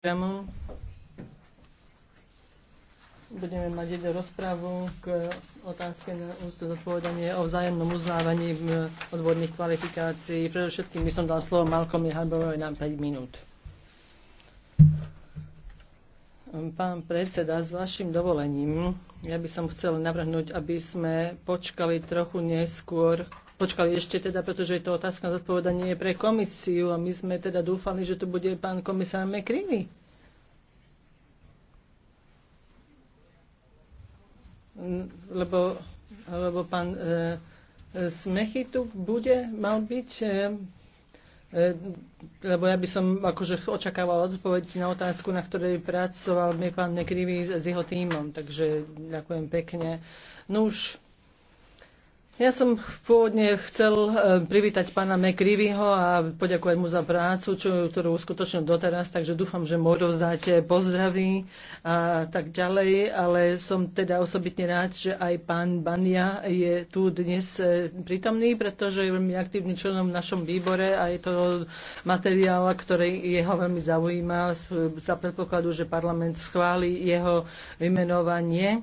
programu. Budeme mať jednu rozpravu k otázke na ústu zodpovedanie o vzájomnom uznávaní odborných kvalifikácií. Predovšetkým by som dal slovo Malkomi Harborovej na 5 minút. Pán predseda, s vašim dovolením, ja by som chcel navrhnúť, aby sme počkali trochu neskôr počkali ešte teda, pretože je to otázka na zodpovedanie pre komisiu a my sme teda dúfali, že tu bude pán komisár McCreevy. Lebo, lebo pán e, Smechy tu bude, mal byť, e, e lebo ja by som akože očakával odpoveď na otázku, na ktorej pracoval mi pán Nekrivý s jeho týmom, takže ďakujem pekne. No už ja som pôvodne chcel e, privítať pána McRivyho a poďakovať mu za prácu, čo, ktorú uskutočnil doteraz, takže dúfam, že mu rozdáte pozdraví a tak ďalej, ale som teda osobitne rád, že aj pán Bania je tu dnes e, prítomný, pretože je veľmi aktívny členom v našom výbore a je to materiál, ktorý jeho veľmi zaujíma za predpokladu, že parlament schváli jeho vymenovanie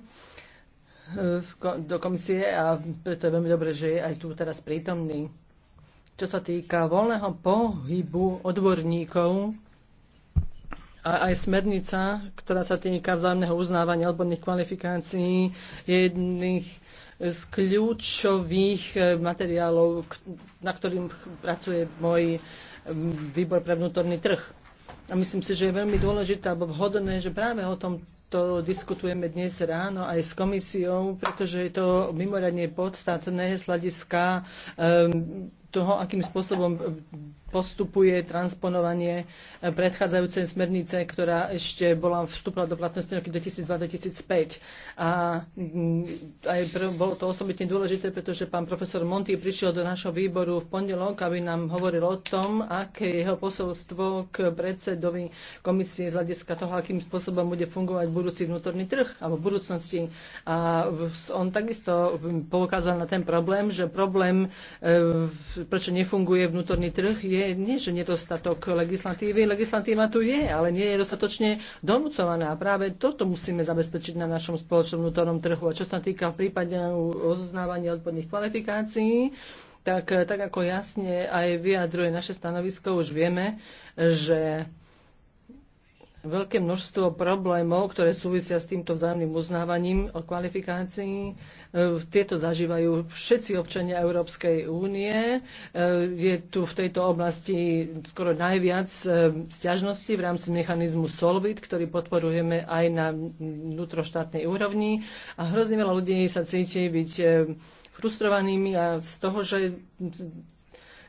do komisie a preto je veľmi dobré, že je aj tu teraz prítomný. Čo sa týka voľného pohybu odborníkov a aj smernica, ktorá sa týka vzájomného uznávania odborných kvalifikácií, je jedných z kľúčových eh, materiálov, na ktorým pracuje môj mm, výbor pre vnútorný trh. A myslím si, že je veľmi dôležité alebo vhodné, že práve o tom to diskutujeme dnes ráno aj s komisiou, pretože je to mimoriadne podstatné z hľadiska um, toho, akým spôsobom e, postupuje transponovanie e, predchádzajúcej smernice, ktorá ešte bola vstúpila do platnosti roky 2002-2005. A mm, aj pr- bolo to osobitne dôležité, pretože pán profesor Monty prišiel do našho výboru v pondelok, aby nám hovoril o tom, aké je jeho posolstvo k predsedovi komisie z hľadiska toho, akým spôsobom bude fungovať budúci vnútorný trh alebo v budúcnosti. A on takisto poukázal na ten problém, že problém e, prečo nefunguje vnútorný trh, je nie, že nedostatok legislatívy. Legislatíva tu je, ale nie je dostatočne donúcovaná. Práve toto musíme zabezpečiť na našom spoločnom vnútornom trhu. A čo sa týka prípadne oznávania odborných kvalifikácií, tak, tak ako jasne aj vyjadruje naše stanovisko, už vieme, že veľké množstvo problémov, ktoré súvisia s týmto vzájomným uznávaním o kvalifikácii. E, tieto zažívajú všetci občania Európskej únie. E, je tu v tejto oblasti skoro najviac e, stiažností v rámci mechanizmu Solvit, ktorý podporujeme aj na vnútroštátnej úrovni. A hrozne veľa ľudí sa cíti byť frustrovanými a z toho, že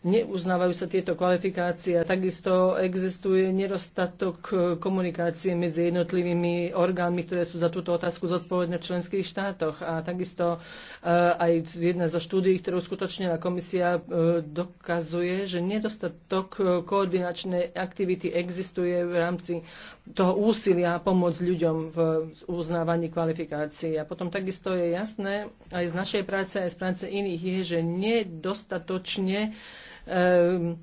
neuznávajú sa tieto kvalifikácie. Takisto existuje nedostatok eh, komunikácie medzi jednotlivými orgánmi, ktoré sú za túto otázku zodpovedné v členských štátoch. A takisto eh, aj jedna zo štúdií, ktorú skutočne komisia eh, dokazuje, že nedostatok koordinačnej aktivity existuje v rámci toho úsilia pomôcť ľuďom v uznávaní kvalifikácií. A potom takisto je jasné, aj z našej práce, aj z práce iných je, že nedostatočne Ehm,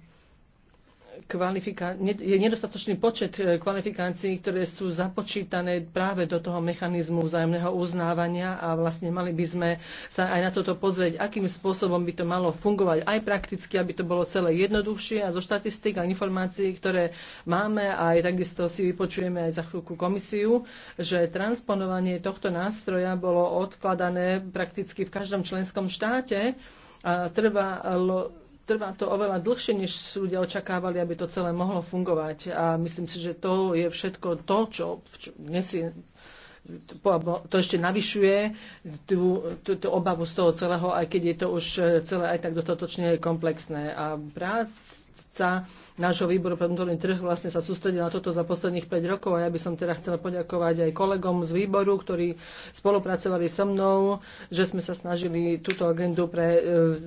kvalifika- je nedostatočný počet e, kvalifikácií, ktoré sú započítané práve do toho mechanizmu vzájomného uznávania a vlastne mali by sme sa aj na toto pozrieť, akým spôsobom by to malo fungovať aj prakticky, aby to bolo celé jednoduchšie a zo štatistik a informácií, ktoré máme a aj takisto si vypočujeme aj za chvíľku komisiu, že transponovanie tohto nástroja bolo odkladané prakticky v každom členskom štáte a trvalo trvá to oveľa dlhšie, než ľudia očakávali, aby to celé mohlo fungovať. A myslím si, že to je všetko to, čo, dnes je, to ešte navyšuje tú, tú, tú obavu z toho celého, aj keď je to už eh, celé aj tak dostatočne komplexné. A práce práca nášho výboru pre vnútorný trh vlastne sa sústredila na toto za posledných 5 rokov a ja by som teda chcela poďakovať aj kolegom z výboru, ktorí spolupracovali so mnou, že sme sa snažili túto agendu pre e,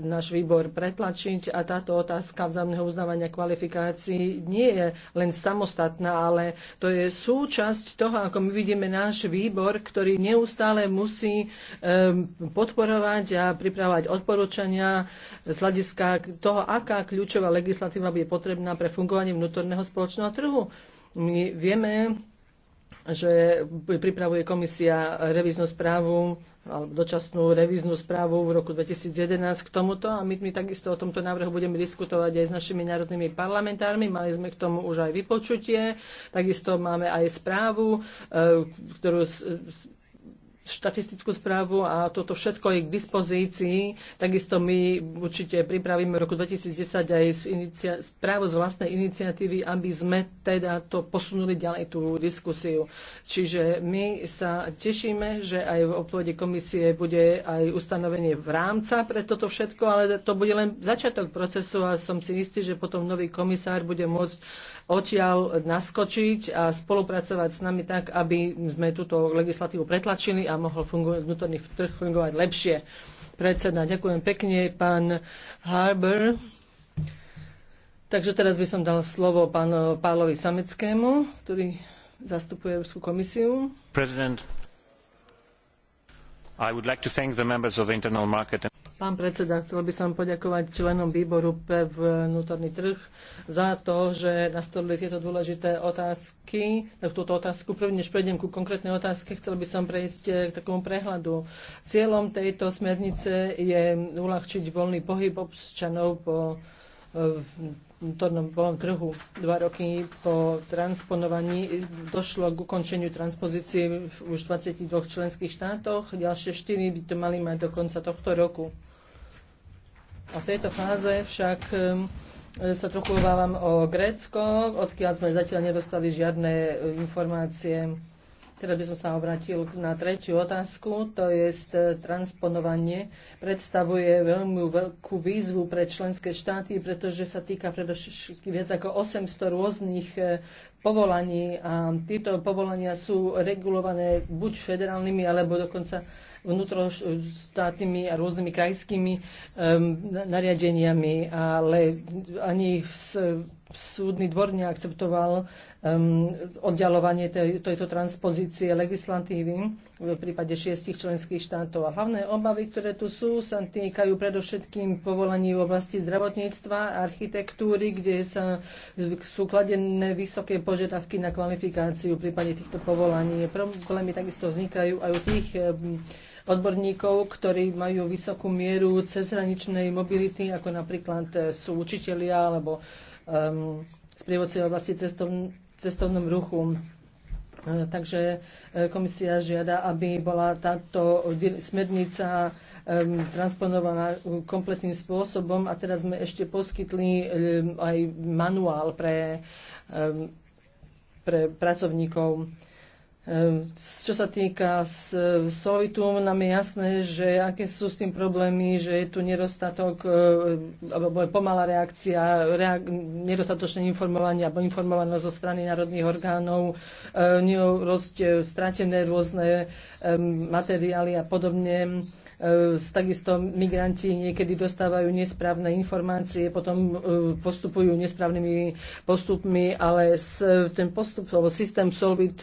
náš výbor pretlačiť a táto otázka vzájomného uznávania kvalifikácií nie je len samostatná, ale to je súčasť toho, ako my vidíme náš výbor, ktorý neustále musí e, podporovať a pripravovať odporúčania z hľadiska toho, aká kľúčová legislatíva by je potrebná pre fungovanie vnútorného spoločného trhu. My vieme, že pripravuje komisia revíznu správu alebo dočasnú revíznu správu v roku 2011 k tomuto a my, my takisto o tomto návrhu budeme diskutovať aj s našimi národnými parlamentármi. Mali sme k tomu už aj vypočutie, takisto máme aj správu, e, ktorú štatistickú správu a toto všetko je k dispozícii. Takisto my určite pripravíme v roku 2010 aj správu z vlastnej iniciatívy, aby sme teda to posunuli ďalej tú diskusiu. Čiže my sa tešíme, že aj v odpovede komisie bude aj ustanovenie v rámca pre toto všetko, ale to bude len začiatok procesu a som si istý, že potom nový komisár bude môcť odtiaľ naskočiť a spolupracovať s nami tak, aby sme túto legislatívu pretlačili a mohol fungovať, vnútorný trh fungovať lepšie. Predseda, ďakujem pekne, pán Harber. Takže teraz by som dal slovo pánu eh, Pálovi Sameckému, ktorý zastupuje Európsku komisiu. President, I would like to thank the members of the Internal Market and Pán predseda, chcel by som poďakovať členom výboru pre vnútorný trh za to, že nastolili tieto dôležité otázky. Túto otázku, prvne než prejdem ku konkrétnej otázke, chcel by som prejsť eh, k takomu prehľadu. Cieľom tejto smernice je uľahčiť voľný pohyb občanov po eh, vnútornom trhu. Dva roky po transponovaní došlo k ukončeniu transpozície v už 22 členských štátoch. Ďalšie 4 by to mali mať do konca tohto roku. A v tejto fáze však um, sa trochu obávam o Grécko, odkiaľ sme zatiaľ nedostali žiadne informácie. Teda by som sa obrátil na tretiu otázku, to je e, transponovanie. Predstavuje veľmi veľkú výzvu pre členské štáty, pretože sa týka predovšetkých viac ako 800 rôznych e, povolaní a tieto povolania sú regulované buď federálnymi alebo dokonca vnútroštátnymi a rôznymi krajskými um, nariadeniami, ale ani s, súdny dvor neakceptoval um, oddialovanie tej, tejto transpozície legislatívy v prípade šiestich členských štátov. A hlavné obavy, ktoré tu sú, sa týkajú predovšetkým povolaní v oblasti zdravotníctva, architektúry, kde sa, sú kladené vysoké požiadavky na kvalifikáciu v prípade týchto povolaní. Problémy takisto vznikajú aj u tých um, odborníkov, ktorí majú vysokú mieru cezhraničnej mobility, ako napríklad e, sú učitelia alebo um, sprievodcovia oblasti cestovného cestovnom ruchu. E, takže e, komisia žiada, aby bola táto smernica transponovaná e, kompletným spôsobom a teraz sme ešte poskytli aj manuál pre, pre pracovníkov. Ehm, čo sa týka e, solitu, nám je jasné, že aké sú s tým problémy, že je tu nedostatok, e, alebo pomalá reakcia, reak- nedostatočné informovanie alebo informovanosť zo strany národných orgánov, e, nerosť stratené rôzne ehm, materiály a podobne. Takisto migranti niekedy dostávajú nesprávne informácie, potom postupujú nesprávnymi postupmi, ale ten postup, alebo systém Solvit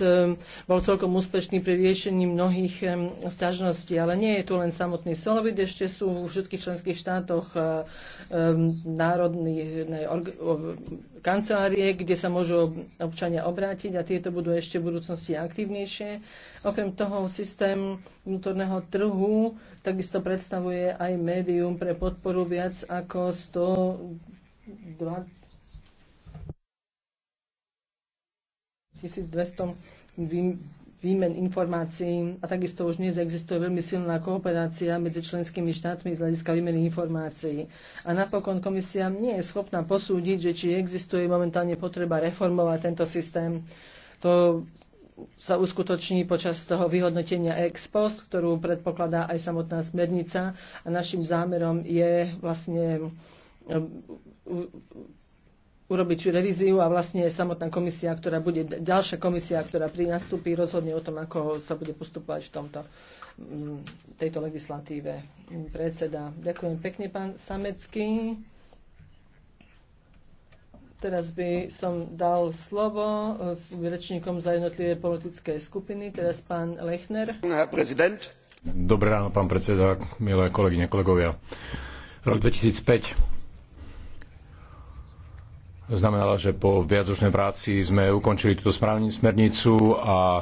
bol bol celkom úspešný pri riešení mnohých sťažností. Ale nie je tu len samotný solovid, ešte sú v všetkých členských štátoch e, národné kancelárie, kde sa môžu občania obrátiť a tieto budú ešte v budúcnosti aktívnejšie. Okrem toho systém vnútorného trhu takisto predstavuje aj médium pre podporu viac ako 100 1200 výmen informácií a takisto už dnes existuje veľmi silná kooperácia medzi členskými štátmi z hľadiska výmeny informácií. A napokon komisia nie je schopná posúdiť, že či existuje momentálne potreba reformovať tento systém. To sa uskutoční počas toho vyhodnotenia ex post, ktorú predpokladá aj samotná smernica a našim zámerom je vlastne urobiť revíziu a vlastne samotná komisia, ktorá bude, ďalšia komisia, ktorá pri nastúpi, rozhodne o tom, ako sa bude postupovať v tomto mm, tejto legislatíve. Predseda, ďakujem pekne, pán Samecký. Teraz by som dal slovo eh, s rečníkom za jednotlivé politické skupiny, teraz pán Lechner. Prezident. Dobré ráno, pán predseda, milé kolegyne, kolegovia. Rok 2005 znamenala, že po viacročnej práci sme ukončili túto správnu smernicu a e,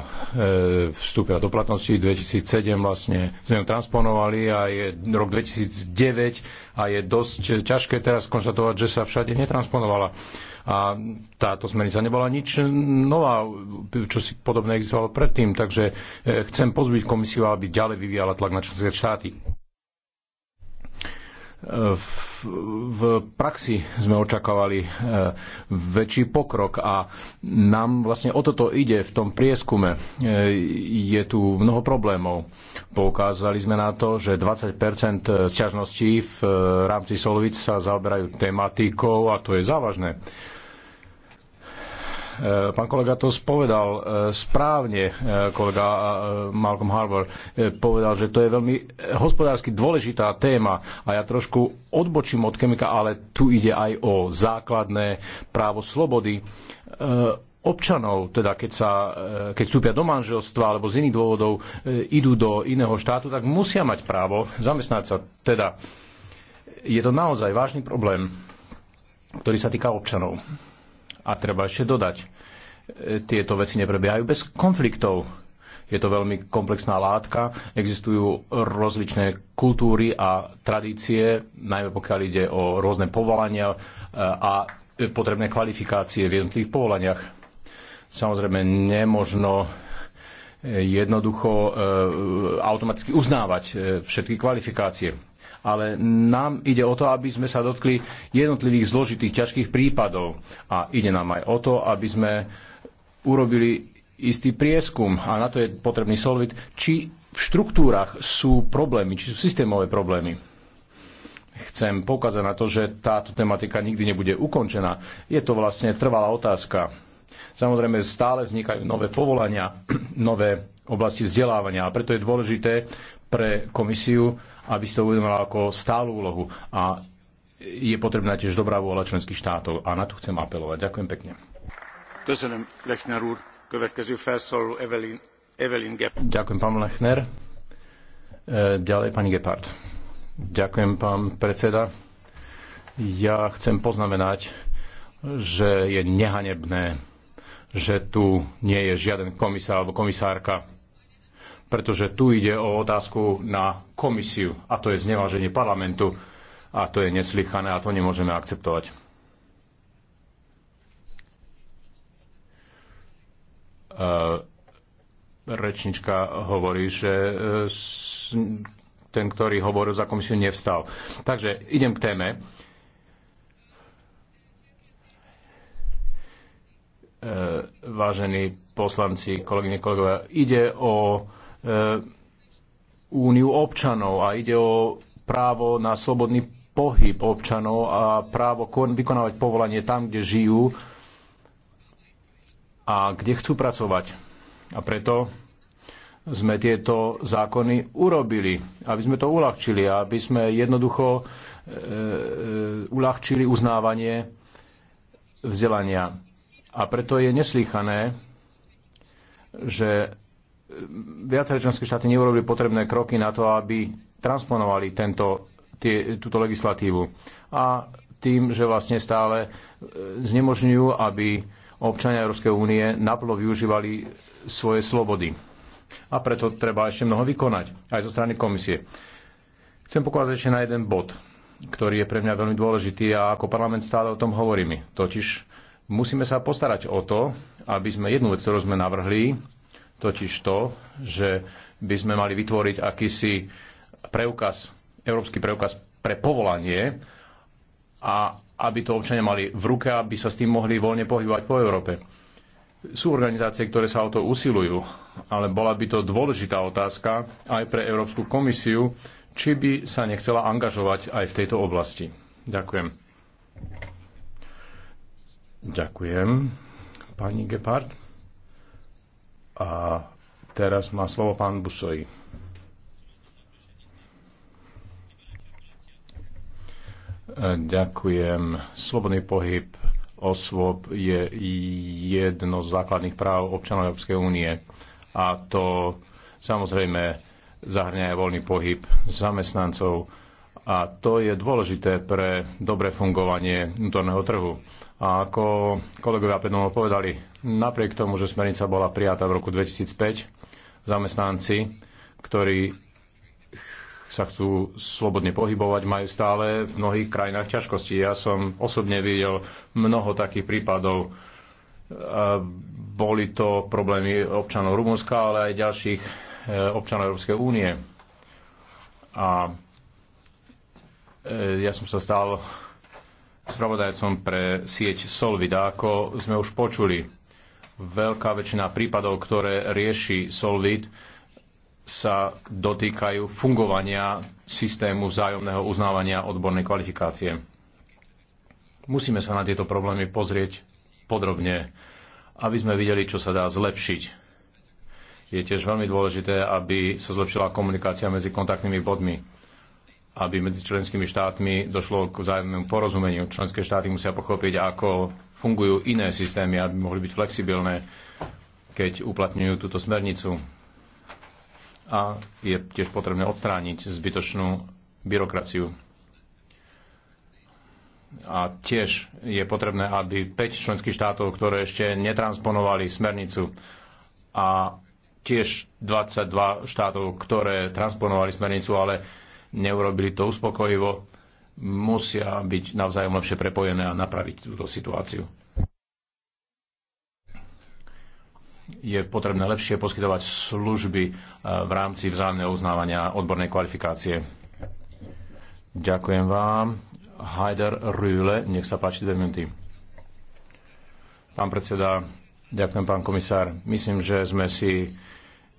vstúpila do platnosti 2007 vlastne sme ju transponovali a je rok 2009 a je dosť ťažké teraz konštatovať, že sa všade netransponovala. A táto smernica nebola nič nová, čo si podobné existovalo predtým, takže e, chcem pozbiť komisiu, aby ďalej vyvíjala tlak na členské štáty v praxi sme očakávali e, väčší pokrok a nám vlastne o toto ide v tom prieskume. E, je tu mnoho problémov. Poukázali sme na to, že 20 sťažností v e, rámci Solovic sa zaoberajú tematikou a to je závažné. Eh, pán kolega to spovedal eh, správne, eh, kolega Malcolm Harbour povedal, že to je veľmi hospodársky dôležitá téma a ja trošku odbočím od chemika, ale tu ide aj o základné právo slobody občanov, teda keď, sa, keď vstúpia do manželstva alebo z iných dôvodov idú do iného štátu, tak musia mať právo zamestnať sa. Teda je to naozaj vážny problém, ktorý sa týka občanov. A treba ešte dodať, e, tieto veci neprebiehajú bez konfliktov. Je to veľmi komplexná látka, existujú rozličné kultúry a tradície, najmä pokiaľ ide o rôzne povolania e, a potrebné kvalifikácie v jednotlivých povolaniach. Samozrejme, nemožno e, jednoducho automaticky uznávať všetky kvalifikácie ale nám ide o to, aby sme sa dotkli jednotlivých zložitých ťažkých prípadov. A ide nám aj o to, aby sme urobili istý prieskum, a na to je potrebný solvit, či v štruktúrach sú problémy, či sú systémové problémy. Chcem poukázať na to, že táto tematika nikdy nebude ukončená. Je to vlastne trvalá otázka. Samozrejme, stále vznikajú nové povolania, nové oblasti vzdelávania a preto je dôležité pre komisiu aby si to uvedomila ako stálu úlohu. A je potrebná tiež dobrá vôľa členských štátov. A na to chcem apelovať. Ďakujem pekne. Ďakujem, pán Lechner. E, ďalej pani Gepard. Ďakujem, pán predseda. Ja chcem poznamenať, že je nehanebné, že tu nie je žiaden komisár alebo komisárka pretože tu ide o otázku na komisiu a to je zneváženie parlamentu a to je neslychané a to nemôžeme akceptovať. E, rečnička hovorí, že e, ten, ktorý hovoril za komisiu, nevstal. Takže idem k téme. E, vážení poslanci, kolegyne, kolegovia, ide o E, úniu občanov a ide o právo na slobodný pohyb občanov a právo vykonávať povolanie tam, kde žijú a kde chcú pracovať. A preto sme tieto zákony urobili, aby sme to uľahčili, aby sme jednoducho e, e uľahčili uznávanie vzdelania. A preto je neslychané, že viaceré členské štáty neurobili potrebné kroky na to, aby transponovali tento, tie, túto legislatívu. A tým, že vlastne stále e, znemožňujú, aby občania Európskej únie naplno využívali svoje slobody. A preto treba ešte mnoho vykonať, aj zo strany komisie. Chcem pokázať ešte na jeden bod, ktorý je pre mňa veľmi dôležitý a ako parlament stále o tom hovoríme. Totiž musíme sa postarať o to, aby sme jednu vec, ktorú sme navrhli, totiž to, že by sme mali vytvoriť akýsi preukaz, európsky preukaz pre povolanie a aby to občania mali v ruke, aby sa s tým mohli voľne pohybovať po Európe. Sú organizácie, ktoré sa o to usilujú, ale bola by to dôležitá otázka aj pre Európsku komisiu, či by sa nechcela angažovať aj v tejto oblasti. Ďakujem. Ďakujem, pani Gepard. A teraz má slovo pán Busoji. Ďakujem. Slobodný pohyb osôb je jedno z základných práv občanov Európskej únie. A to samozrejme zahrňa aj voľný pohyb zamestnancov. A to je dôležité pre dobré fungovanie vnútorného trhu. A ako kolegovia pred povedali, Napriek tomu, že smernica bola prijatá v roku 2005, zamestnanci, ktorí sa chcú slobodne pohybovať, majú stále v mnohých krajinách ťažkosti. Ja som osobne videl mnoho takých prípadov. E, boli to problémy občanov Rumunska, ale aj ďalších e, občanov Európskej únie. A e, ja som sa stal spravodajcom pre sieť Solvida, ako sme už počuli Veľká väčšina prípadov, ktoré rieši Solvit, sa dotýkajú fungovania systému vzájomného uznávania odbornej kvalifikácie. Musíme sa na tieto problémy pozrieť podrobne, aby sme videli, čo sa dá zlepšiť. Je tiež veľmi dôležité, aby sa zlepšila komunikácia medzi kontaktnými bodmi aby medzi členskými štátmi došlo k vzájomnému porozumeniu. Členské štáty musia pochopiť, ako fungujú iné systémy, aby mohli byť flexibilné, keď uplatňujú túto smernicu. A je tiež potrebné odstrániť zbytočnú byrokraciu. A tiež je potrebné, aby 5 členských štátov, ktoré ešte netransponovali smernicu a tiež 22 štátov, ktoré transponovali smernicu, ale neurobili to uspokojivo, musia byť navzájom lepšie prepojené a napraviť túto situáciu. Je potrebné lepšie poskytovať služby eh, v rámci vzájomného uznávania odbornej kvalifikácie. Ďakujem vám. Hajder Rühle, nech sa páči dve minúty. Pán predseda, ďakujem pán komisár. Myslím, že sme si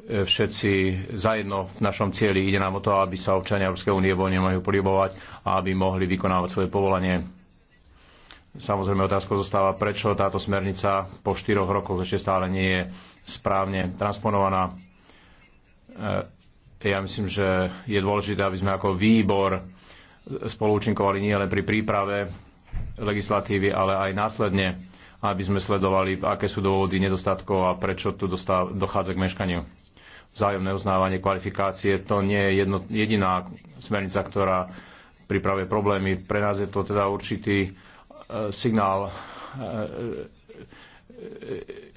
E, všetci zajedno v našom cieli. Ide nám o to, aby sa občania Európskej únie voľne mohli pohybovať a aby mohli vykonávať svoje povolanie. Samozrejme, otázka zostáva, prečo táto smernica po štyroch rokoch ešte stále nie je správne transponovaná. E, ja myslím, že je dôležité, aby sme ako výbor spolúčinkovali nielen pri príprave legislatívy, ale aj následne, aby sme sledovali, aké sú dôvody nedostatkov a prečo tu dochádza k meškaniu vzájomné uznávanie kvalifikácie. To nie je jedno, jediná smernica, ktorá pripravuje problémy. Pre nás je to teda určitý e, signál, e, e, e, e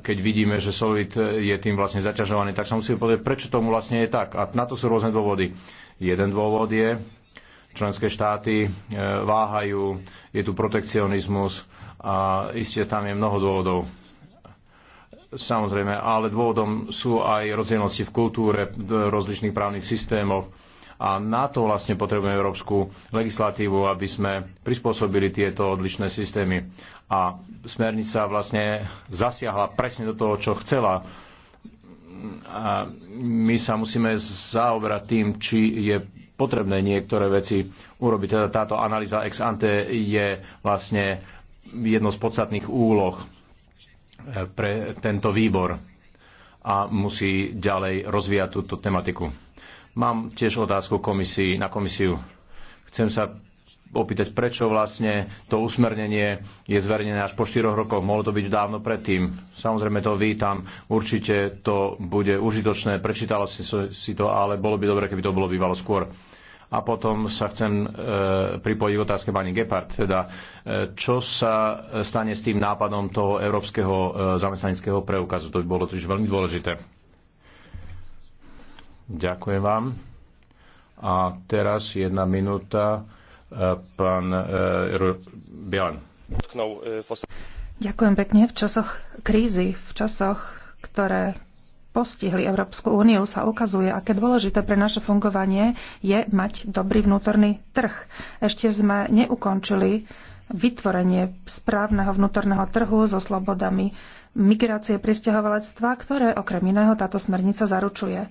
keď vidíme, že solid je tým vlastne zaťažovaný, tak sa musíme povedať, prečo tomu vlastne je tak. A na to sú rôzne dôvody. Jeden dôvod je, členské štáty e, váhajú, je tu protekcionizmus a iste tam je mnoho dôvodov samozrejme, ale dôvodom sú aj rozdielnosti v kultúre, v rozličných právnych systémoch. A na to vlastne potrebujeme európsku legislatívu, aby sme prispôsobili tieto odlišné systémy. A smernica vlastne zasiahla presne do toho, čo chcela. A my sa musíme zaoberať tým, či je potrebné niektoré veci urobiť. Teda táto analýza ex ante je vlastne jednou z podstatných úloh pre tento výbor a musí ďalej rozvíjať túto tematiku. Mám tiež otázku komisii, na komisiu. Chcem sa opýtať, prečo vlastne to usmernenie je zverejnené až po 4 rokoch. Mohlo to byť dávno predtým. Samozrejme to vítam. Určite to bude užitočné. Prečítalo si, si to, ale bolo by dobre, keby to bolo bývalo skôr. A potom sa chcem e, pripojiť k otázke pani Gepard, teda e, čo sa stane s tým nápadom toho európskeho e, zamestnaneckého preukazu. To by bolo totiž veľmi dôležité. Ďakujem vám. A teraz jedna minúta. E, pán e, Bielan. E, Ďakujem pekne. V časoch krízy, v časoch, ktoré postihli Európsku úniu, sa ukazuje, aké dôležité pre naše fungovanie je mať dobrý vnútorný trh. Ešte sme neukončili vytvorenie správneho vnútorného trhu so slobodami migrácie pristahovalectva, ktoré okrem iného táto smernica zaručuje.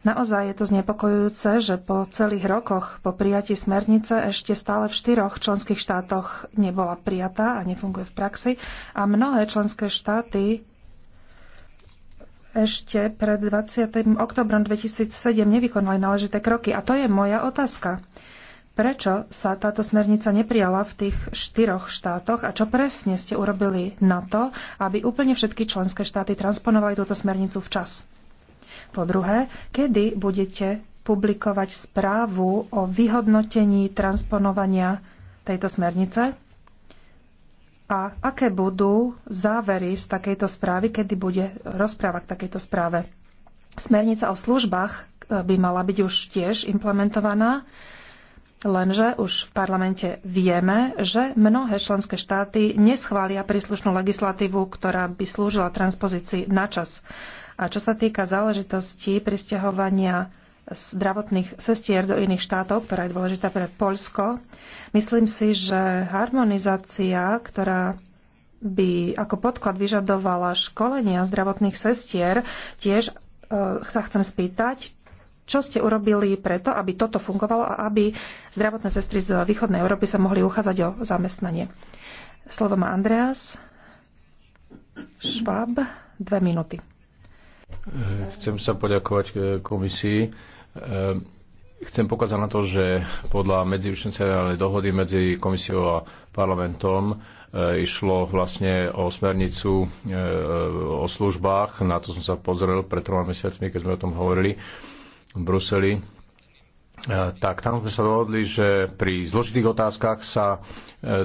Naozaj je to znepokojujúce, že po celých rokoch po prijatí smernice ešte stále v štyroch členských štátoch nebola prijatá a nefunguje v praxi a mnohé členské štáty ešte pred 20. oktobrom 2007 nevykonali náležité kroky. A to je moja otázka. Prečo sa táto smernica neprijala v tých štyroch štátoch a čo presne ste urobili na to, aby úplne všetky členské štáty transponovali túto smernicu včas? Po druhé, kedy budete publikovať správu o vyhodnotení transponovania tejto smernice? a aké budú závery z takejto správy, kedy bude rozpráva k takejto správe. Smernica o službách e, by mala byť už tiež implementovaná, lenže už v parlamente vieme, že mnohé členské štáty neschvália príslušnú legislatívu, ktorá by slúžila transpozícii na čas. A čo sa týka záležitosti pristahovania zdravotných sestier do iných štátov, ktorá je dôležitá pre Polsko. Myslím si, že harmonizácia, ktorá by ako podklad vyžadovala školenia zdravotných sestier, tiež e, sa chcem spýtať, čo ste urobili preto, aby toto fungovalo a aby zdravotné sestry z východnej Európy sa mohli uchádzať o zamestnanie. Slovo má Andreas Schwab, dve minúty. Eh, chcem sa poďakovať eh, komisii. Eh, chcem pokazať na to, že podľa medziúčenciálnej dohody medzi komisiou a parlamentom išlo vlastne o smernicu o službách. Na to som sa pozrel pred troma mesiacmi, keď sme o tom hovorili v Bruseli. Tak, tam sme sa dohodli, že pri zložitých otázkach sa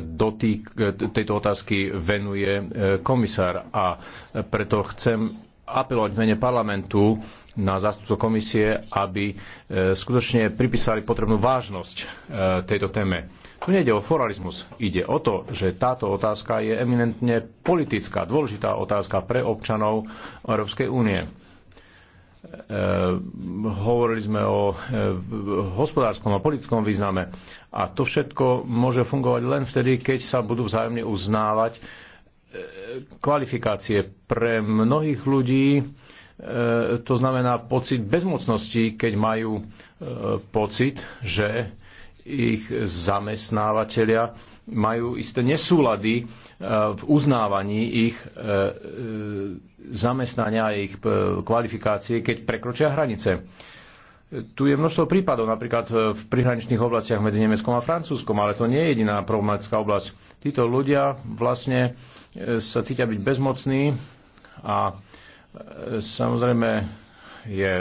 dotýk, tejto otázky venuje komisár a preto chcem apelovať v mene parlamentu na zástupcov komisie, aby e, skutočne pripísali potrebnú vážnosť e, tejto téme. Tu nejde o foralizmus, ide o to, že táto otázka je eminentne politická, dôležitá otázka pre občanov Európskej únie. E, hovorili sme o hospodárskom a politickom význame a to všetko môže fungovať len vtedy, keď sa budú vzájomne uznávať kvalifikácie. Pre mnohých ľudí e, to znamená pocit bezmocnosti, keď majú e, pocit, že ich zamestnávateľia majú isté nesúlady e, v uznávaní ich zamestnania a ich kvalifikácie, keď prekročia hranice. Tu je množstvo prípadov, napríklad v prihraničných oblastiach medzi Nemeckom a Francúzskom, ale to nie je jediná problematická oblasť. Títo ľudia vlastne e, sa cítia byť bezmocní a e, samozrejme je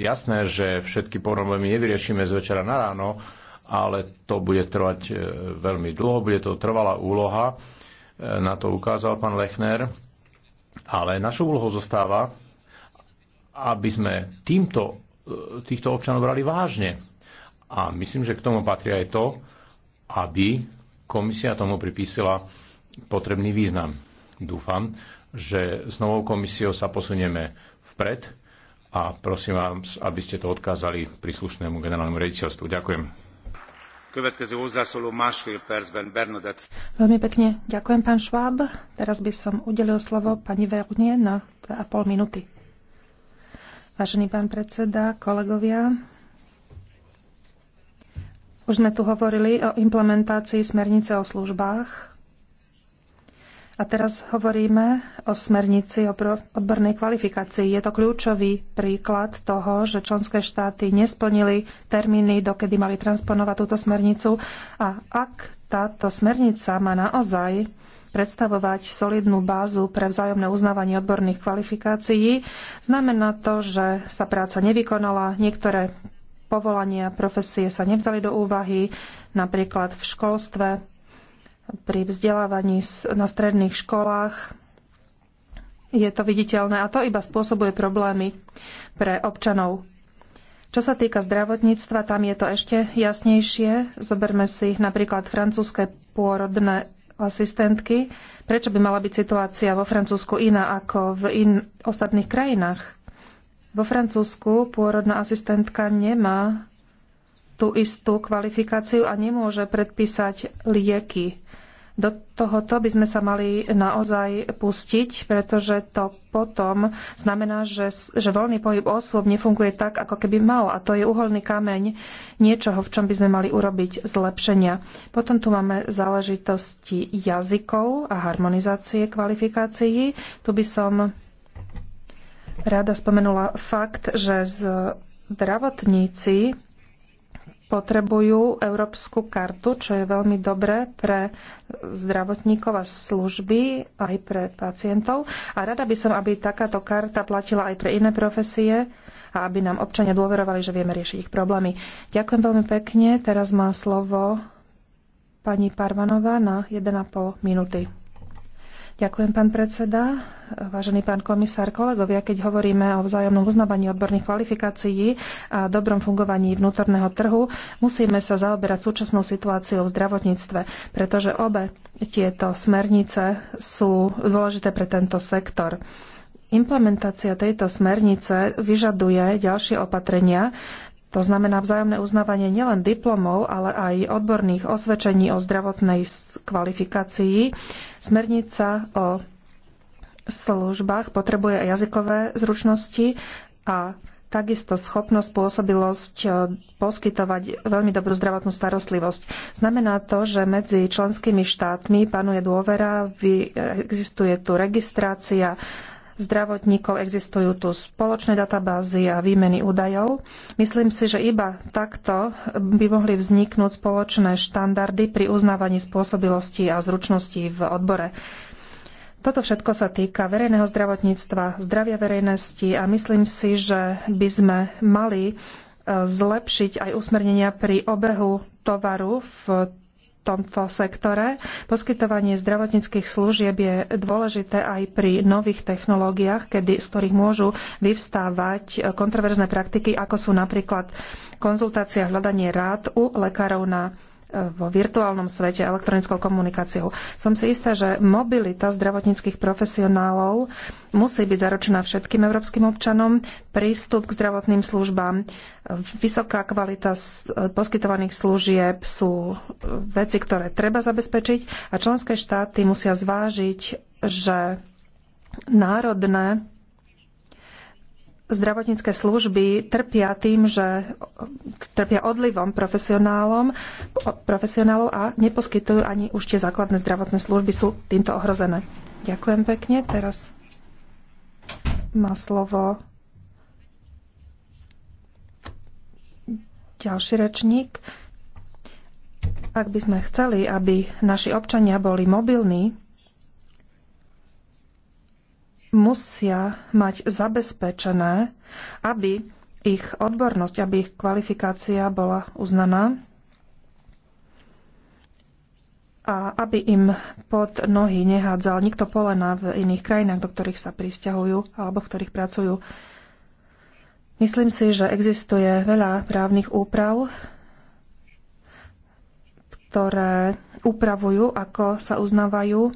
jasné, že všetky problémy nevyriešime z večera na ráno, ale to bude trvať e, veľmi dlho, bude to trvalá úloha, na to ukázal pán Lechner. Ale našou úlohou zostáva, aby sme týmto, týchto občanov brali vážne. A myslím, že k tomu patrí aj to, aby Komisia tomu pripísala potrebný význam. Dúfam, že s novou komisiou sa posunieme vpred a prosím vás, aby ste to odkázali príslušnému generálnemu rediteľstvu. Ďakujem. Veľmi pekne ďakujem, pán Šváb. Teraz by som udelil slovo pani Vernie na 2,5 minúty. Vážený pán predseda, kolegovia, už sme tu hovorili o implementácii smernice o službách. A teraz hovoríme o smernici o odbornej kvalifikácii. Je to kľúčový príklad toho, že členské štáty nesplnili termíny, dokedy mali transponovať túto smernicu. A ak táto smernica má naozaj predstavovať solidnú bázu pre vzájomné uznávanie odborných kvalifikácií. Znamená to, že sa práca nevykonala, niektoré povolania, profesie sa nevzali do úvahy, napríklad v školstve, pri vzdelávaní na stredných školách. Je to viditeľné a to iba spôsobuje problémy pre občanov. Čo sa týka zdravotníctva, tam je to ešte jasnejšie. Zoberme si napríklad francúzske pôrodné asistentky. Prečo by mala byť situácia vo Francúzsku iná ako v in- ostatných krajinách? Vo Francúzsku pôrodná asistentka nemá tú istú kvalifikáciu a nemôže predpísať lieky. Do tohoto by sme sa mali naozaj pustiť, pretože to potom znamená, že, že voľný pohyb osôb nefunguje tak, ako keby mal. A to je uholný kameň niečoho, v čom by sme mali urobiť zlepšenia. Potom tu máme záležitosti jazykov a harmonizácie kvalifikácií. Tu by som rada spomenula fakt, že zdravotníci potrebujú európsku kartu, čo je veľmi dobré pre zdravotníkov a služby, aj pre pacientov. A rada by som, aby takáto karta platila aj pre iné profesie a aby nám občania dôverovali, že vieme riešiť ich problémy. Ďakujem veľmi pekne. Teraz má slovo pani Parvanová na 1,5 minúty. Ďakujem, pán predseda. Vážený pán komisár, kolegovia, keď hovoríme o vzájomnom uznávaní odborných kvalifikácií a dobrom fungovaní vnútorného trhu, musíme sa zaoberať súčasnou situáciou v zdravotníctve, pretože obe tieto smernice sú dôležité pre tento sektor. Implementácia tejto smernice vyžaduje ďalšie opatrenia, to znamená vzájomné uznávanie nielen diplomov, ale aj odborných osvedčení o zdravotnej kvalifikácii. Smernica o službách potrebuje aj jazykové zručnosti a takisto schopnosť, spôsobilosť e, poskytovať veľmi dobrú zdravotnú starostlivosť. Znamená to, že medzi členskými štátmi panuje dôvera, e, existuje tu registrácia zdravotníkov, existujú tu spoločné databázy a výmeny údajov. Myslím si, že iba takto by mohli vzniknúť spoločné štandardy pri uznávaní spôsobilosti a zručnosti v odbore. Toto všetko sa týka verejného zdravotníctva, zdravia verejnosti a myslím si, že by sme mali e, zlepšiť aj usmernenia pri obehu tovaru v tomto sektore. Poskytovanie zdravotníckých služieb je dôležité aj pri nových technológiách, kedy, z ktorých môžu vyvstávať kontroverzné praktiky, ako sú napríklad konzultácia hľadanie rád u lekárov na vo virtuálnom svete elektronickou komunikáciou. Som si istá, že mobilita zdravotníckých profesionálov musí byť zaručená všetkým európskym občanom, prístup k zdravotným službám, vysoká kvalita poskytovaných služieb sú veci, ktoré treba zabezpečiť a členské štáty musia zvážiť, že národné zdravotnícke služby trpia tým, že trpia odlivom profesionálom, profesionálov a neposkytujú ani už tie základné zdravotné služby, sú týmto ohrozené. Ďakujem pekne. Teraz má slovo ďalší rečník. Ak by sme chceli, aby naši občania boli mobilní, musia mať zabezpečené, aby ich odbornosť, aby ich kvalifikácia bola uznaná a aby im pod nohy nehádzal nikto polena v iných krajinách, do ktorých sa pristahujú alebo v ktorých pracujú. Myslím si, že existuje veľa právnych úprav, ktoré upravujú, ako sa uznávajú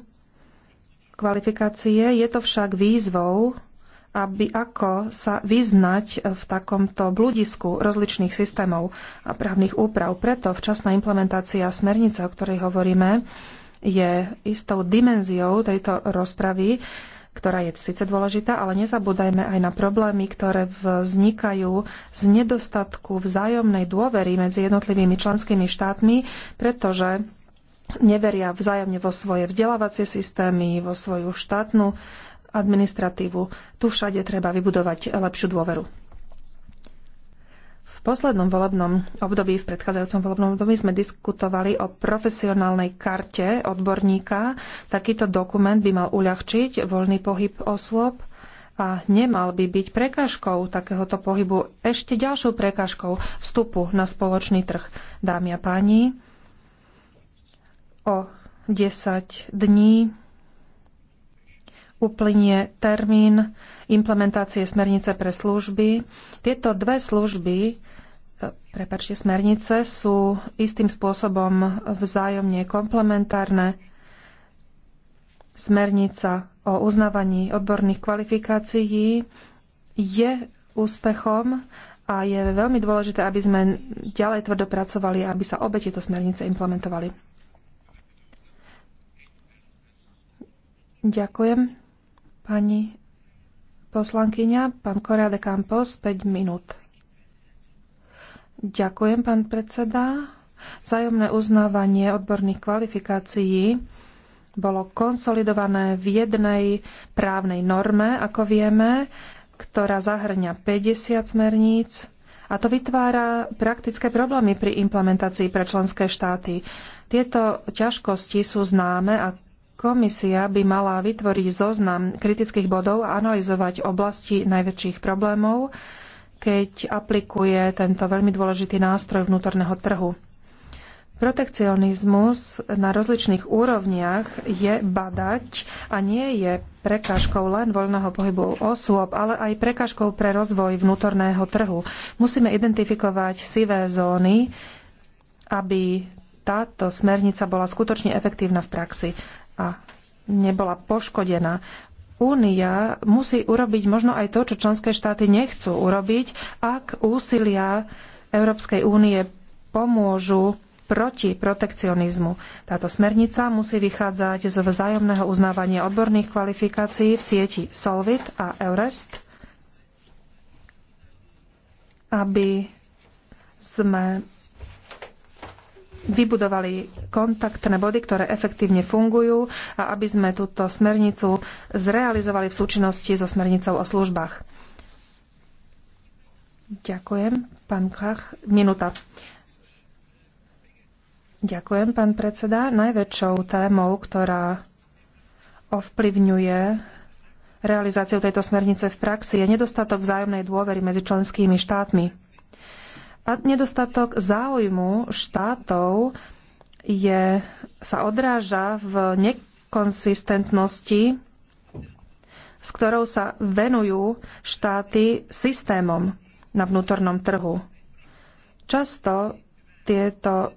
kvalifikácie. Je to však výzvou, aby ako sa vyznať v takomto bludisku rozličných systémov a právnych úprav. Preto včasná implementácia smernice, o ktorej hovoríme, je istou dimenziou tejto rozpravy, ktorá je síce dôležitá, ale nezabúdajme aj na problémy, ktoré vznikajú z nedostatku vzájomnej dôvery medzi jednotlivými členskými štátmi, pretože neveria vzájomne vo svoje vzdelávacie systémy, vo svoju štátnu administratívu. Tu všade treba vybudovať lepšiu dôveru. V poslednom volebnom období, v predchádzajúcom volebnom období sme diskutovali o profesionálnej karte odborníka. Takýto dokument by mal uľahčiť voľný pohyb osôb a nemal by byť prekážkou takéhoto pohybu ešte ďalšou prekážkou vstupu na spoločný trh. Dámy a páni, o 10 dní uplynie termín implementácie smernice pre služby. Tieto dve služby, e, prepačte, smernice sú istým spôsobom vzájomne komplementárne. Smernica o uznávaní odborných kvalifikácií je úspechom a je veľmi dôležité, aby sme ďalej tvrdo pracovali a aby sa obe tieto smernice implementovali. Ďakujem. Pani poslankyňa, pán Korea de Campos, 5 minút. Ďakujem, pán predseda. Zájomné uznávanie odborných kvalifikácií bolo konsolidované v jednej právnej norme, ako vieme, ktorá zahrňa 50 smerníc a to vytvára praktické problémy pri implementácii pre členské štáty. Tieto ťažkosti sú známe a Komisia by mala vytvoriť zoznam kritických bodov a analyzovať oblasti najväčších problémov, keď aplikuje tento veľmi dôležitý nástroj vnútorného trhu. Protekcionizmus na rozličných úrovniach je badať a nie je prekážkou len voľného pohybu osôb, ale aj prekážkou pre rozvoj vnútorného trhu. Musíme identifikovať sivé zóny, aby táto smernica bola skutočne efektívna v praxi a nebola poškodená. Únia musí urobiť možno aj to, čo členské štáty nechcú urobiť, ak úsilia Európskej únie pomôžu proti protekcionizmu. Táto smernica musí vychádzať z vzájomného uznávania odborných kvalifikácií v sieti Solvit a Eurest, aby sme vybudovali kontaktné body, ktoré efektívne fungujú a aby sme túto smernicu zrealizovali v súčinnosti so smernicou o službách. Ďakujem, pán Kach. Minúta. Ďakujem, pán predseda. Najväčšou témou, ktorá ovplyvňuje realizáciu tejto smernice v praxi, je nedostatok vzájomnej dôvery medzi členskými štátmi a nedostatok záujmu štátov je, sa odráža v nekonsistentnosti, s ktorou sa venujú štáty systémom na vnútornom trhu. Často tieto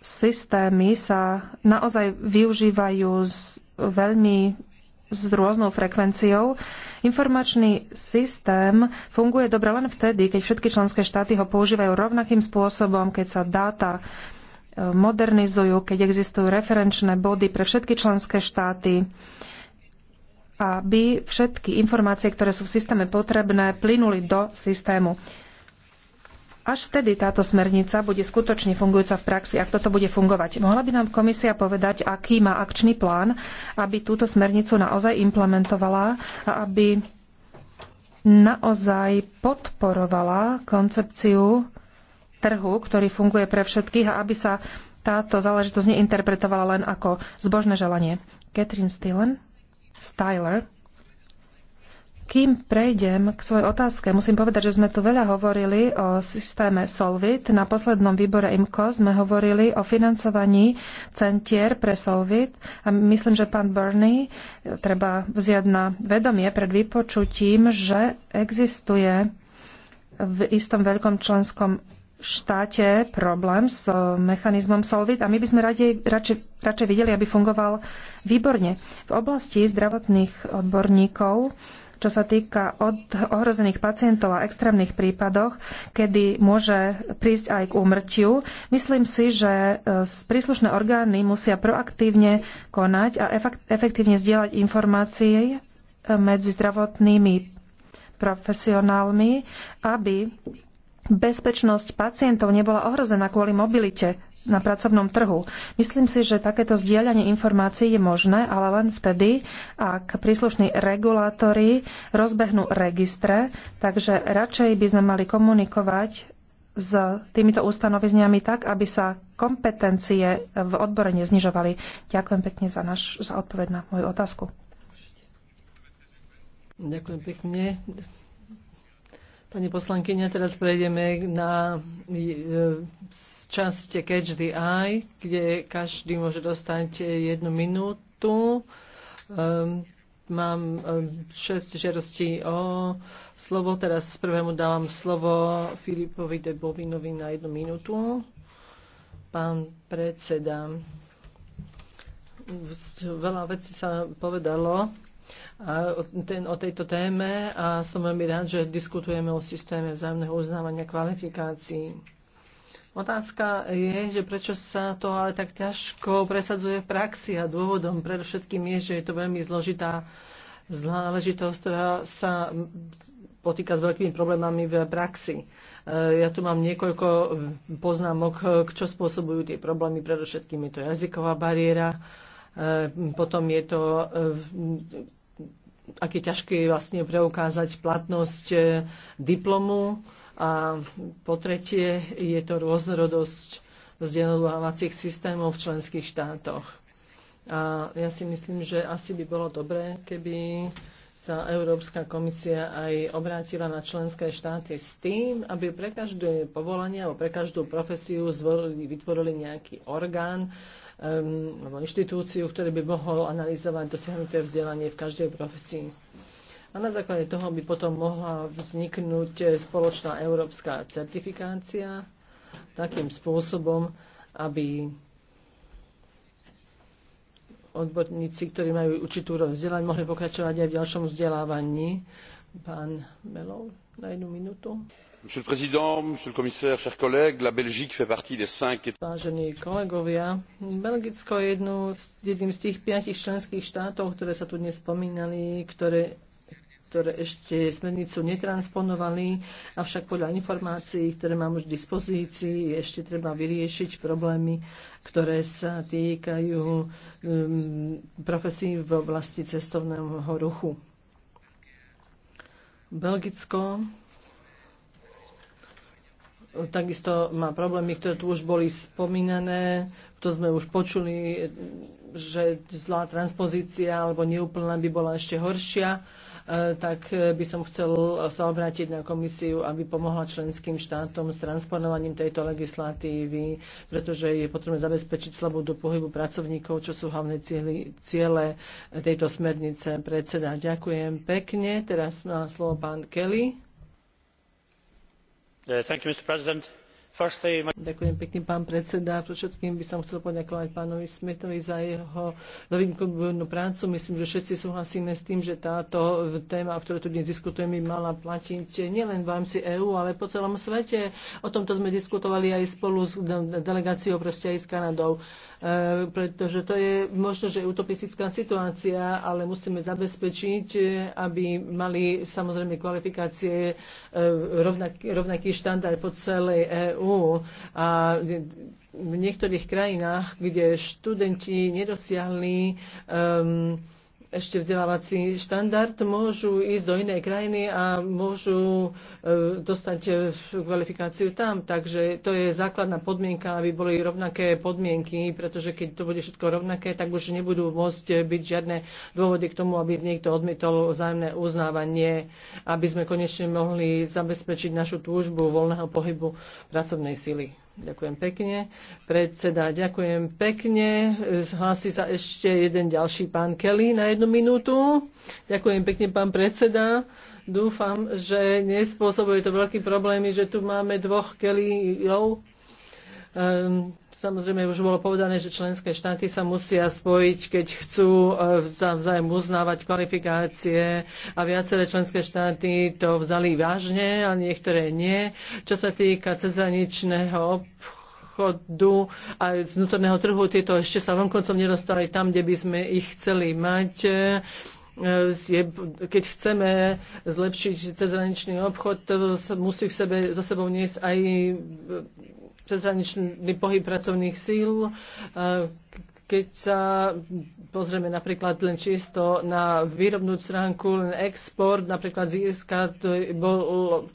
systémy sa naozaj využívajú s veľmi s rôznou frekvenciou Informačný systém funguje dobre len vtedy, keď všetky členské štáty ho používajú rovnakým spôsobom, keď sa dáta e, modernizujú, keď existujú referenčné body pre všetky členské štáty, aby všetky informácie, ktoré sú v systéme potrebné, plynuli do systému. Až vtedy táto smernica bude skutočne fungujúca v praxi, ak toto bude fungovať. Mohla by nám komisia povedať, aký má akčný plán, aby túto smernicu naozaj implementovala a aby naozaj podporovala koncepciu trhu, ktorý funguje pre všetkých a aby sa táto záležitosť neinterpretovala len ako zbožné želanie. Catherine Stylen, Styler. Kým prejdem k svojej otázke, musím povedať, že sme tu veľa hovorili o systéme Solvit. Na poslednom výbore IMCO sme hovorili o financovaní centier pre Solvit a myslím, že pán Burney e, treba vziať na vedomie pred vypočutím, že existuje v istom veľkom členskom štáte problém s e, mechanizmom Solvit a my by sme radej, radšej, radšej videli, aby fungoval výborne. V oblasti zdravotných odborníkov čo sa týka od ohrozených pacientov a extrémnych prípadoch, kedy môže prísť aj k úmrtiu, myslím si, že e, príslušné orgány musia proaktívne konať a efektívne zdieľať informácie e, medzi zdravotnými profesionálmi, aby bezpečnosť pacientov nebola ohrozená kvôli mobilite na pracovnom trhu. Myslím si, že takéto zdieľanie informácií je možné, ale len vtedy, ak príslušní regulátori rozbehnú registre, takže radšej by sme mali komunikovať s týmito ustanovizniami tak, aby sa kompetencie v odbore neznižovali. Ďakujem pekne za, naš, za odpoveď na moju otázku. Ďakujem pekne. Pani poslankyňa, teraz prejdeme na e, časť Catch the Eye, kde každý môže dostať jednu minútu. Um, mám e, šest žerostí o slovo. Teraz prvému dávam slovo Filipovi de Bovinovi na jednu minútu. Pán predseda, veľa vecí sa povedalo a o, ten, o tejto téme a som veľmi rád, že diskutujeme o systéme vzájomného uznávania kvalifikácií. Otázka je, že prečo sa to ale tak ťažko presadzuje v praxi a dôvodom predovšetkým je, že je to veľmi zložitá záležitosť, ktorá sa potýka s veľkými problémami v praxi. E, ja tu mám niekoľko poznámok, čo spôsobujú tie problémy. Predovšetkým je to jazyková bariéra, E, potom je to e, aké ťažké je vlastne preukázať platnosť e, diplomu a po tretie je to rôznorodosť vzdelávacích systémov v členských štátoch. A ja si myslím, že asi by bolo dobré, keby sa Európska komisia aj obrátila na členské štáty s tým, aby pre každé povolanie alebo pre každú profesiu zvolili, vytvorili nejaký orgán, alebo inštitúciu, ktorý by mohol analyzovať dosiahnuté vzdelanie v každej profesii. A na základe toho by potom mohla vzniknúť spoločná európska certifikácia takým spôsobom, aby odborníci, ktorí majú určitú úroveň vzdelania, mohli pokračovať aj v ďalšom vzdelávaní. Pán Melov, na jednu minútu monsieur le président monsieur le commissaire chers collègues la belgique fait partie des cinq Vážení kolegovia, Belgicko je jednou, z tých piatich členských štátov, ktoré sa tu dnes spomínali, ktoré ktoré ešte smernicu netransponovali, avšak podľa informácií, ktoré mám už v dispozícii, ešte treba vyriešiť problémy, ktoré sa týkajú um, profesí v oblasti cestovného ruchu. Belgicko takisto má problémy, ktoré tu už boli spomínané, to sme už počuli, že zlá transpozícia alebo neúplná by bola ešte horšia, e, tak e, by som chcel sa obrátiť na komisiu, aby pomohla členským štátom s transponovaním tejto legislatívy, pretože je potrebné zabezpečiť slobodu pohybu pracovníkov, čo sú hlavné ciele, ciele tejto smernice. Predseda, ďakujem pekne. Teraz má slovo pán Kelly. Uh, Ďakujem pekne, pán predseda. všetkým by som chcel poďakovať pánovi Smetovi za jeho novinku prácu. Myslím, že všetci súhlasíme s tým, že táto téma, o ktorej tu dnes diskutujeme, mala platiť nielen v rámci EÚ, ale po celom svete. O tomto sme diskutovali aj spolu s delegáciou proste aj s Kanadou. E, pretože to je možno, že utopistická situácia, ale musíme zabezpečiť, e, aby mali samozrejme kvalifikácie e, rovnaký, rovnaký štandard po celej EÚ. A v niektorých krajinách, kde študenti nedosiahli um, ešte vzdelávací štandard, môžu ísť do inej krajiny a môžu e, dostať e, kvalifikáciu tam. Takže to je základná podmienka, aby boli rovnaké podmienky, pretože keď to bude všetko rovnaké, tak už nebudú môcť e, byť žiadne dôvody k tomu, aby niekto odmietol vzájomné uznávanie, aby sme konečne mohli zabezpečiť našu túžbu voľného pohybu pracovnej sily. Ďakujem pekne. Predseda, ďakujem pekne. Hlási sa ešte jeden ďalší pán Kelly na jednu minútu. Ďakujem pekne, pán predseda. Dúfam, že nespôsobuje to veľký problémy, že tu máme dvoch Kellyov Ehm, samozrejme, už bolo povedané, že členské štáty sa musia spojiť, keď chcú eh, vzájom uznávať kvalifikácie a viaceré členské štáty to vzali vážne a niektoré nie. Čo sa týka cezraničného obchodu, a z vnútorného trhu, tieto ešte sa vonkoncom nedostali tam, kde by sme ich chceli mať. Eh, keď chceme zlepšiť cezraničný obchod, musí v sebe, za sebou niesť aj cezhraničný pohyb pracovných síl, eh, keď sa pozrieme napríklad len čisto na výrobnú stránku, len export napríklad z Írska bol,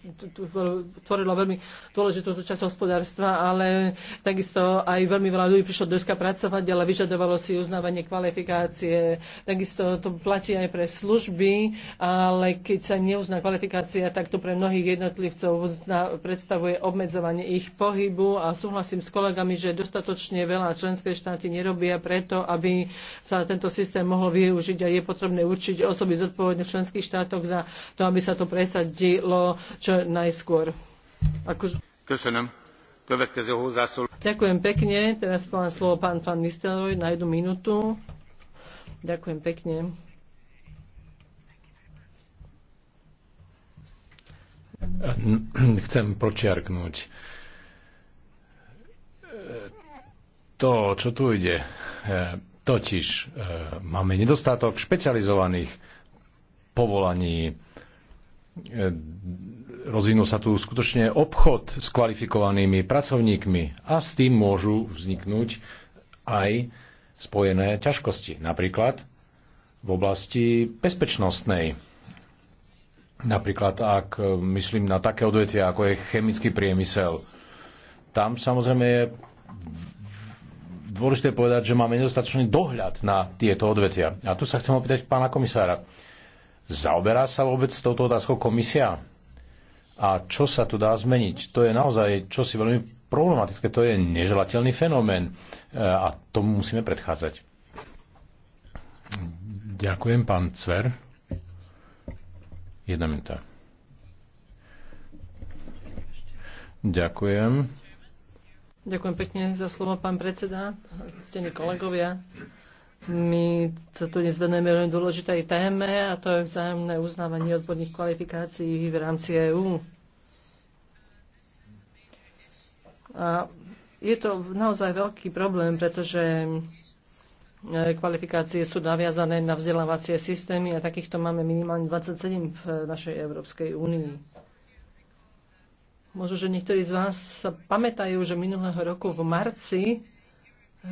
tvorilo veľmi dôležitú časť hospodárstva, ale takisto aj veľmi veľa ľudí prišlo do Írska pracovať, ale vyžadovalo si uznávanie kvalifikácie. Takisto to platí aj pre služby, ale keď sa neuzná kvalifikácia, tak to pre mnohých jednotlivcov predstavuje obmedzovanie ich pohybu a súhlasím s kolegami, že dostatočne veľa členské štáty nerobia preto, aby sa tento systém mohol využiť a je potrebné určiť osoby zodpovedné v členských štátoch za to, aby sa to presadilo čo najskôr. Ďakujem pekne. Teraz mám slovo pán pán Nistelroj na jednu minútu. Ďakujem pekne. Chcem počiarknúť, to, čo tu ide. E, totiž e, máme nedostatok špecializovaných povolaní. E, rozvinul sa tu skutočne obchod s kvalifikovanými pracovníkmi a s tým môžu vzniknúť aj spojené ťažkosti. Napríklad v oblasti bezpečnostnej. Napríklad ak myslím na také odvetvia, ako je chemický priemysel. Tam samozrejme je dôležité povedať, že máme nedostatočný dohľad na tieto odvetvia. A tu sa chcem opýtať pána komisára. Zaoberá sa vôbec touto otázkou komisia? A čo sa tu dá zmeniť? To je naozaj čosi veľmi problematické. To je neželateľný fenomén e, a tomu musíme predchádzať. Ďakujem, pán Cver. Jedna minúta. Ďakujem. Ďakujem pekne za slovo, pán predseda, ctení kolegovia. My sa tu dnes venujeme veľmi dôležitej téme a to je vzájomné uznávanie odborných kvalifikácií v rámci EÚ. A je to naozaj veľký problém, pretože e, kvalifikácie sú naviazané na vzdelávacie systémy a takýchto máme minimálne 27 v našej Európskej únii. Možno, že niektorí z vás sa pamätajú, že minulého roku v marci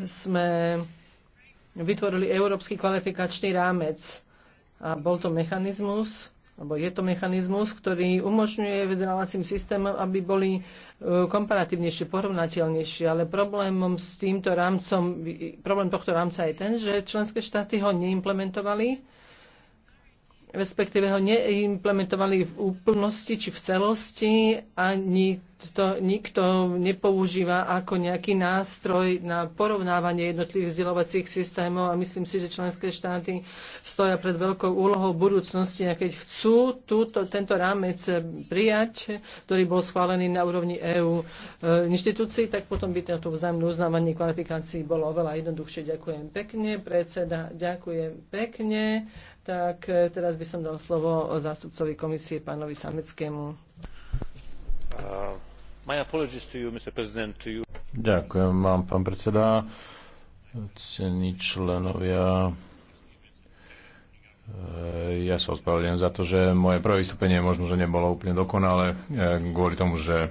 sme vytvorili Európsky kvalifikačný rámec. A bol to mechanizmus, alebo je to mechanizmus, ktorý umožňuje vzdelávacím systémom, aby boli e, komparatívnejšie, porovnateľnejšie. Ale problémom s týmto rámcom, problém tohto rámca je ten, že členské štáty ho neimplementovali respektíve ho neimplementovali v úplnosti či v celosti, ani to nikto nepoužíva ako nejaký nástroj na porovnávanie jednotlivých vzdelovacích systémov a myslím si, že členské štáty stoja pred veľkou úlohou budúcnosti a keď chcú túto, tento rámec prijať, ktorý bol schválený na úrovni EÚ e, inštitúcií, tak potom by to vzájomné uznávanie kvalifikácií bolo oveľa jednoduchšie. Ďakujem pekne, predseda, ďakujem pekne. Tak e, teraz by som dal slovo zástupcovi komisie, pánovi Sameckému. Uh, my apologies to you, Mr. President, to you. Ďakujem vám, pán predseda. Cení členovia e, ja sa ospravedlňujem za to, že moje prvé vystúpenie možno, že nebolo úplne dokonalé, e, kvôli tomu, že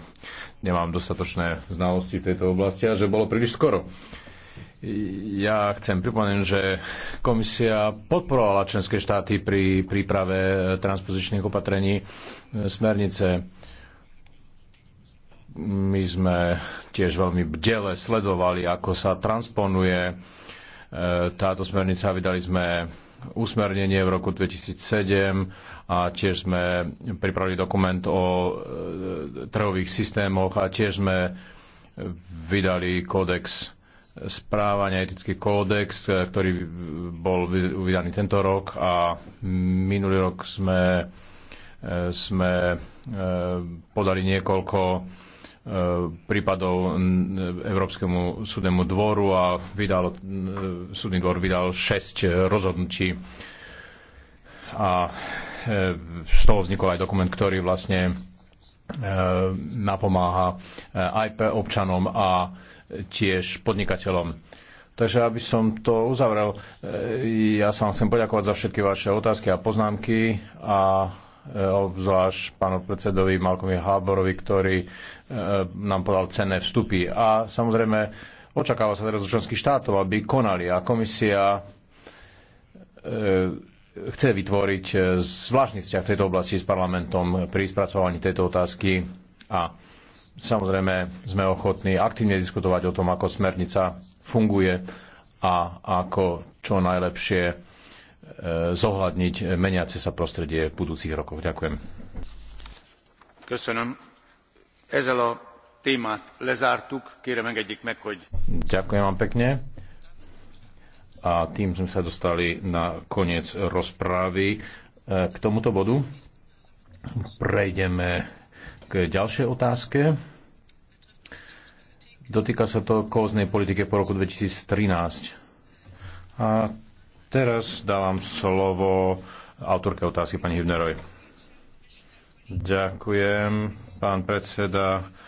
nemám dostatočné znalosti v tejto oblasti a že bolo príliš skoro. Ja chcem pripomenúť, že komisia podporovala členské štáty pri príprave transpozičných opatrení e, smernice. My sme tiež veľmi bdele sledovali, ako sa transponuje e, táto smernica. Vydali sme usmernenie v roku 2007 a tiež sme pripravili dokument o e, trhových systémoch a tiež sme vydali kódex správania, etický kódex, e, ktorý bol vydaný tento rok a minulý rok sme, e, sme e, podali niekoľko prípadov Európskemu súdnemu dvoru a vydal, súdny dvor vydal 6 rozhodnutí a z toho vznikol aj dokument, ktorý vlastne napomáha aj občanom a tiež podnikateľom. Takže aby som to uzavrel, e, ja sa vám chcem poďakovať za všetky vaše otázky a poznámky a e, obzvlášť pánu predsedovi Malkovi Háborovi, ktorý e, nám podal cenné vstupy. A samozrejme, očakáva sa teraz od členských štátov, aby konali a komisia chce vytvoriť zvláštny vzťah v tejto oblasti s parlamentom pri spracovaní tejto otázky a Samozrejme, sme ochotní aktívne diskutovať o tom, ako smernica funguje a ako čo najlepšie e, zohľadniť meniace sa prostredie v budúcich rokoch. Ďakujem. Ďakujem vám pekne. A tým sme sa dostali na koniec rozprávy e, k tomuto bodu. Prejdeme k ďalšej otázke. Dotýka sa to kóznej politike po roku 2013. A teraz dávam slovo autorke otázky pani Hübnerovi. Ďakujem, pán predseda.